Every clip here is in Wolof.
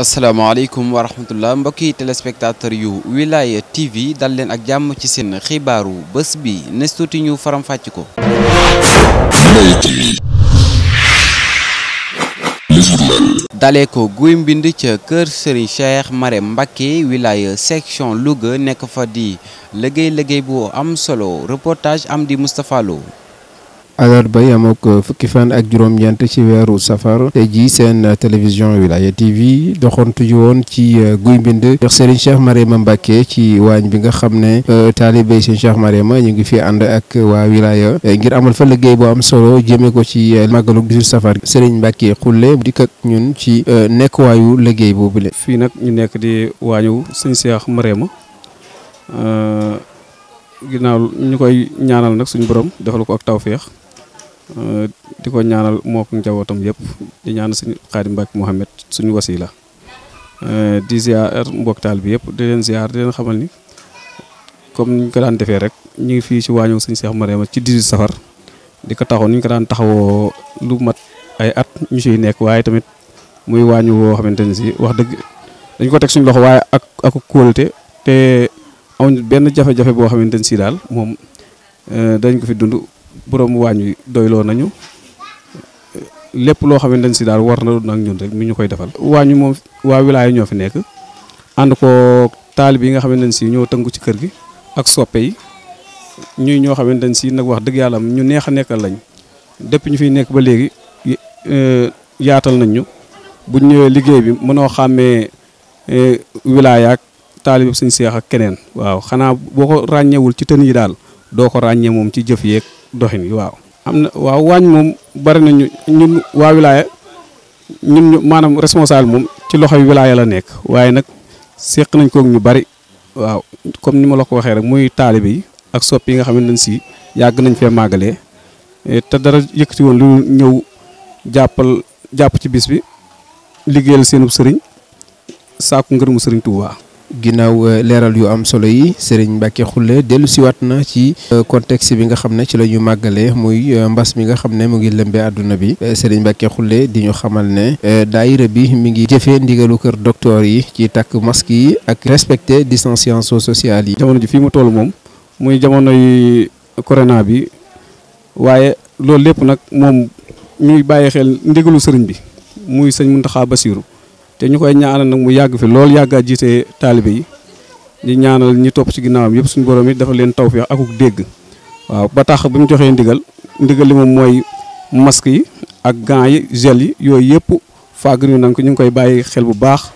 asalaamaaleykum wa rahmatullah mbokki téléspectateur yu Wilaya TV dal leen ak jàmm ci seen xibaaru bés bi nes tuuti ñu faram-fàcc ko. dalee ko guy mbind ca kër Serigne Cheikh Marème Mbacké wilaya section Louga nekk fa di liggéey liggéey bu am solo reportage am di Moustapha Lo. alarba yam ak fukki fan ak juróom-ñeent ci weeru safar te ji seen télévision wilaya tv doxantu ji woon ci euh, guy mbind jox Serigne Cheikh Mariama Mbacke ci waañ bi nga xam ne euh, taalibé Serigne Cheikh Mariama ñu ngi fi ànd ak waa wilaya euh, ngir amal fa liggéey boo am solo jëmee ko ci màggalu 18 safar Serigne Mbacke xulle dikk ak ñun ci nekkuwaayu liggéey boobu le fii nag ñu nekk di waañu Serigne Cheikh Mariama ginnaaw ñu koy ñaanal nag suñu borom defal ko ak tawféex di ko ñaanal moo ko njabootam yëpp di ñaanal suñu Xaadim Mbàkke Mouhamed suñu wasila eh, di ziar mbokktaal bi yëpp di leen ziar di leen xamal ni comme ni ñu ko daan defee rek ñu ngi fii ci waañu suñu Cheikh Mariama ci 18 safar di ko taxaw ni ñu ko daan taxawoo lu mat ay at ñu siy nekk waaye tamit muy waañu woo xamante ni si wax dëgg dañ ko teg suñ loxo waaye ak ak kóolute te amuñ benn jafe-jafe boo xamante ni si daal moom eh, dañ ko fi dund. borom waañ wi doyloo nañu lépp loo xam ne si daal war na doon ak ñun rek mu ñu koy defal. waañ wi moom waa wilaay ñoo fi nekk ànd ko taalib yi nga xam ne si ñoo tënku ci kër gi ak soppe yi ñuy ñoo xam ne dañ si nag wax dëgg yàlla ñu neex a nekkal lañ depuis ñu fiy nekk ba léegi e, yaatal nañ ñu buñ ñëwee liggéey bi mënoo xàmmee e, wilaay ak taalib sëñ seex ak keneen waaw xanaa boo ko ràññeewul ci tën yi daal. doo ko ràññee moom ci jëf yeeg doxin yi waaw. am na waaw waañ moom bari na ñu ñun waa wilaaya ñun ñu maanaam responsable moom ci loxoy wilaaya la nekk waaye nag seq nañ koog ñu bari waaw comme ni ma la ko waxee rek muy taalibe yi ak sopp yi nga xam ne si yàgg nañ fee màggalee eh, te dara yëkkati woon lu ñëw jàppal jàpp ci bis bi liggéeyal seenub sëriñ sàkku ngërëmu sëriñ Tuubaa ginnaaw euh, leeral yu am solo yi Serigne Mbacke Khoule dellu siwaat na ci euh, contexte bi nga xam ne ci la ñu màggalee muy euh, mbas mi nga xam ne mu ngi lëmbee àdduna bi Serigne Mbacke Khoule di ñu xamal ne daayira bi mi ngi jëfee ndigalu kër docteur yi ci takk masque yi ak respecter distanciation sociale yi. jamono ji fii mu toll moom muy jamonoy corona bi waaye loolu lépp nag moom ñuy bàyyi xel ndigalu sëriñ bi muy sëñ Mountakha Bassirou. te ñu koy ñaanal nag mu yàgg fi loolu yàgg a jiite taalibe yi ñu ñaanal ñi topp ci ginnaawam yëpp suñu borom yi dafa leen ak akuk dégg waaw ba tax bi mu joxee ndigal ndigal li moom mooy masque yi ak gants yi gel yi yooyu yëpp fàgg yu nag ñu ngi koy bàyyi xel bu baax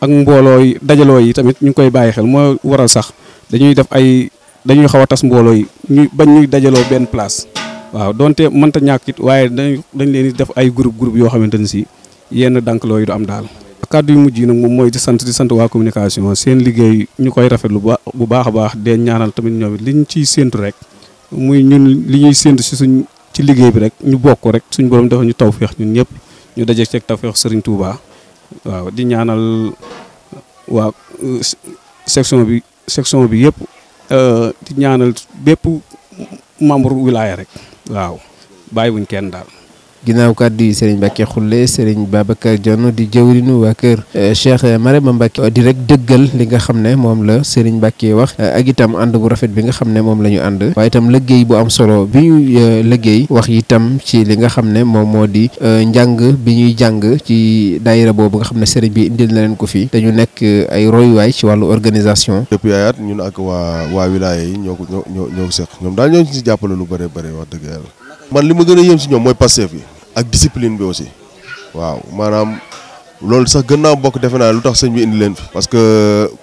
ak mboolooy yi dajaloo yi tamit ñu ngi koy bàyyi xel moo waral sax dañuy def ay dañuy xaw a tas mbooloo yi ñuy bañ ñuy dajaloo benn place waaw donte mënta ñàkk it waaye dañ dañ leen di def ay groupe groupe yoo xamante ni si yenn dànk looyu du am daal kàddu yu mujj yi nag moom mooy di sant di sant waa communication seen liggéey ñu koy rafetlu bu baax a baax dee ñaanal tamit ñoom li ñu ciy séentu rek muy ñun li ñuy séentu si suñ ci liggéey bi rek ñu bokk rek suñ borom dafa ñu tawféex ñun ñëpp ñu daje ceeg tawféex Serigne Touba waaw di ñaanal waa euh, section bi section bi yëpp euh, di ñaanal bépp membre wilaya rek waaw bàyyi wuñ kenn daal. ginnaaw kàddu yi Serigne Mbacke Khoule Serigne Babacar Dione di jëwrinu waa kër eh, Cheikh Marema Mbacke di rek dëggal li nga xam ne moom la Serigne Mbacke wax eh, ak itam ànd bu rafet bi nga xam ne moom la ñu ànd waaye itam liggéey bu am solo bi ñu eh, liggéey wax itam ci li nga xam ne moom moo di njàng bi ñuy jàng ci daayira boobu nga xam ne Serigne bi indil na leen ko fii te ñu nekk ay royuwaay ci wàllu organisation. depuis ay at ñun ak waa waa wilaya yi ñoo ko ñoo ñoo ñoom daal ñoo ci lu bëri bëri wax dëgg man li ma gën a yéem si ñoom mooy Pastef bi ak discipline bi aussi waaw maanaam loolu sax gën naa bokk defe naa lu tax sëñ bi indi leen fi parce que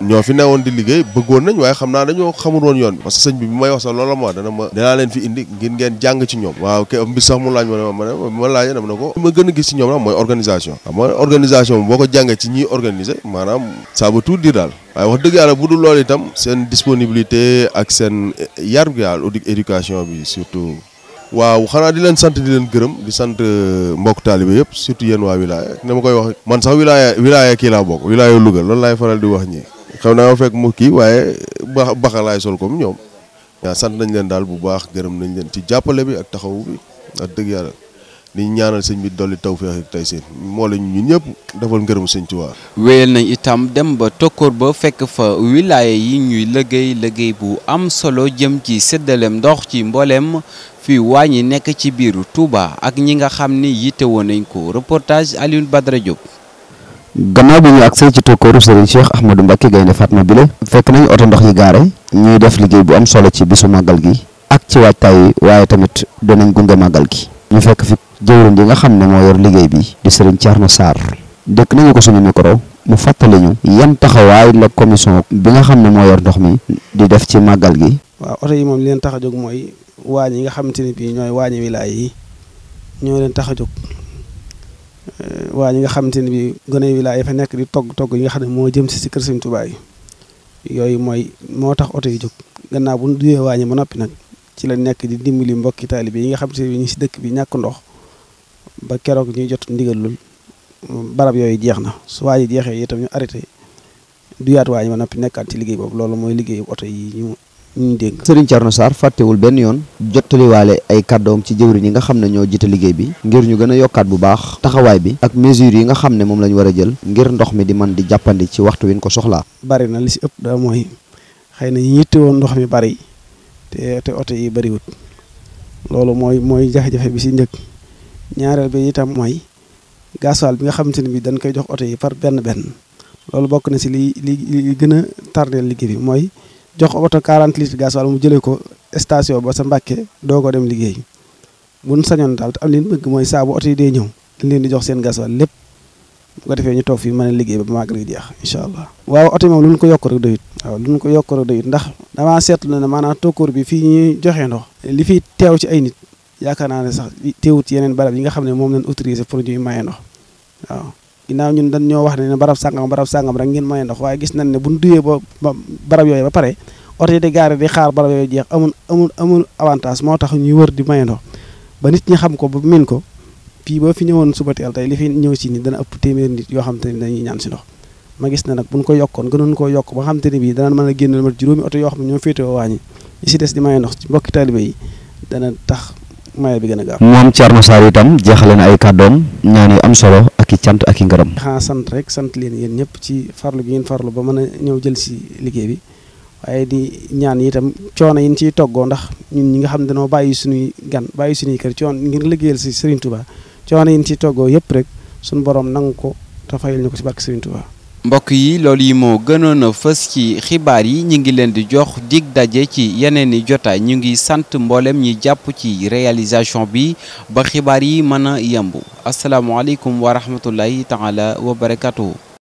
ñoo fi newoon di liggéey bëggoon nañ waaye xam naa dañoo xamul woon yoon bi parce que sëñ bi bi may wax sax loola ma dana ma danaa leen fi indi ngir ngeen jàng ci ñoom waaw ke bi sax mu laaj ma ne ma ne ma ko ma gën a gis ci ñoom nag mooy organisation xam nga organisation boo ko jàngee ci ñi organiser maanaam ça veut tout dire daal waaye wax dëgg yàlla bu dul seen disponibilité ak seen eh, yar bi daal éducation bi surtout waaw xanaa di leen sant di leen gërëm di sant euh, mbokk taalibe yëpp surtout yéen waa wilaya ne ma koy wax man sax wilaya wilaya kii laa bokk wilaya Louga loolu laay faral di wax ñi xew naa ma fekk waaye ba baxa sol comme ñoom waaw sant nañ leen daal bu baax gërëm nañ leen ci jàppale bi ak taxaw bi ak dëgg yàlla di ñaanal sëñ bi dolli tawféex ak tey seen moo lañu ñu ñëpp defal ngërëm sëñ Tuubaa wéyal nañ itam dem ba tokkoor ba fekk fa wilaya yi ñuy liggéey liggéey bu am solo jëm ci séddaleem ndox ci mbooleem fii waa ñi nekk ci biiru Touba ak ñi nga xam ni yitte woon nañ ko reportage Alioune Badara Diop. gannaaw bi ñu agsee ci tokkooru Serigne Cheikh Ahmadou Mbacké Gaynde Fatma bi la fekk nañ oto ndox yi gaare ñuy def liggéey bu am solo ci bisu màggal gi ak ci waajtaay yi waaye tamit danañ gunge màggal gi ñu fekk fi jëwriñ yi nga xam ne moo yor liggéey bi di Serigne Thierno Sarr dëkk nañu ko suñu micro mu fàttali ñu yan taxawaay la commission bi nga xam ne moo yor ndox mi di def ci màggal gi. waañ yi nga xamante ni bii ñooy waañu wilaay yi ñoo leen tax a jóg eh, waañ yi nga xamante ni bii gone wilaay yi fa nekk di togg togg yi nga xam ne moo jëm si si kër Sëriñ Tuubaa yi yooyu mooy moo tax oto yi jóg gannaaw bu ñu duyee waañi ba noppi nag ci la nekk di dimbali mbokki taalibe yi nga xam te ne ñu si dëkk bi ñàkk ndox ba keroog ñuy jot ndigalul barab yooyu jeex na su waaji jeexee itam ñu arrêté duyaat waañi ba noppi nekkaat ci liggéey boobu loolu mooy liggéeyu oto yi ñu dégg Serigne Thierno Sarr fàttewul benn yoon jottaliwaale ay kàddoom ci jëwriñ yi nga xam ne ñoo jiite liggéey bi ngir ñu gën a yokkaat bu baax taxawaay bi ak mesures yi nga xam ne moom lañu war a jël ngir ndox mi di man di jàppandi ci waxtu win ko soxlaa bari na li si ëpp da mooy xëy na ñi yitte woon ndox mi bari te te oto yi bariwut loolu mooy mooy jafe-jafe bi si njëkk ñaareel bi itam mooy gasoil bi nga xamante ne bi dañ koy jox oto yi par benn benn loolu bokk na si li li gën a tardeel liggéey bi mooy jox oto 40 litres gasoil mu jëlee ko station ba sa Mbàkke doo ko dem liggéey mun sañoon daal te am leen bëgg mooy saa bu oto yi dee ñëw dañ leen di jox seen gasoil lépp bu ko defee ñu toog fii mën a liggéey ba màggal gi jeex incha allah waaw oto yi moom lu ñu ko yokk rek doyut waaw lu ñu ko yokk rek doyut ndax damaa seetlu na ne maanaam tokkoor bi fii ñuy joxe ndox li fi teew ci ay nit yaakaar naa ne sax teewut yeneen barab yi nga xam ne moom lañ autorisé pour ñuy maye ndox waaw ginnaaw ñun dañ ñoo wax ne ne barab sàngam barab sàngam rek ngeen may ndox waaye gis nañ ne bu ñu duyee ba barab yooyu ba pare oto yi di gaare di xaar barab yooyu jeex amul amul amul moo tax ñuy wër di may ndox ba nit ñi xam ko ba min ko fii boo fi ñëwoon suba teel tey li fi ñëw si ni dana ëpp téeméer nit yoo xam te ne dañuy ñaan si ndox ma gis na nag buñ ko yokkoon gënoon koo yokk ba xam te ne bii dana mën a génnal mat juróomi oto yoo xam ne ñoo féetewoo waañi ñi si des di maye ndox ci mbokki taalibe yi dana tax maye bi gën a gaaw moom Thierno Sarr itam jeexale na ay kàddoom ñaan yu am solo ak cant ak i ngërëm. xanaa sant rek sant leen yéen ñëpp ci farlu gi ngeen farlu ba mën a ñëw jël si liggéey bi waaye di ñaan itam coono yi ñu ciy toggoo ndax ñun ñi nga xam ne dañoo bàyyi suñuy gan bàyyi suñuy kër coono ngir liggéeyal si Serigne Touba coono yi ñu ciy toggoo yëpp rek suñu borom nangu ko te fayal ñu ko si barke Serigne Touba. mbokk yi loolu yi moo gënoon a fës ci xibaar yi ñu ngi leen di jox digg daje ci yeneen i jotaay ñu ngi sant mboolem ñi jàpp ci réalisation bi ba xibaar yi mën a yemb asalaamaaleykum wa rahmatullahi taala wa barakatuhu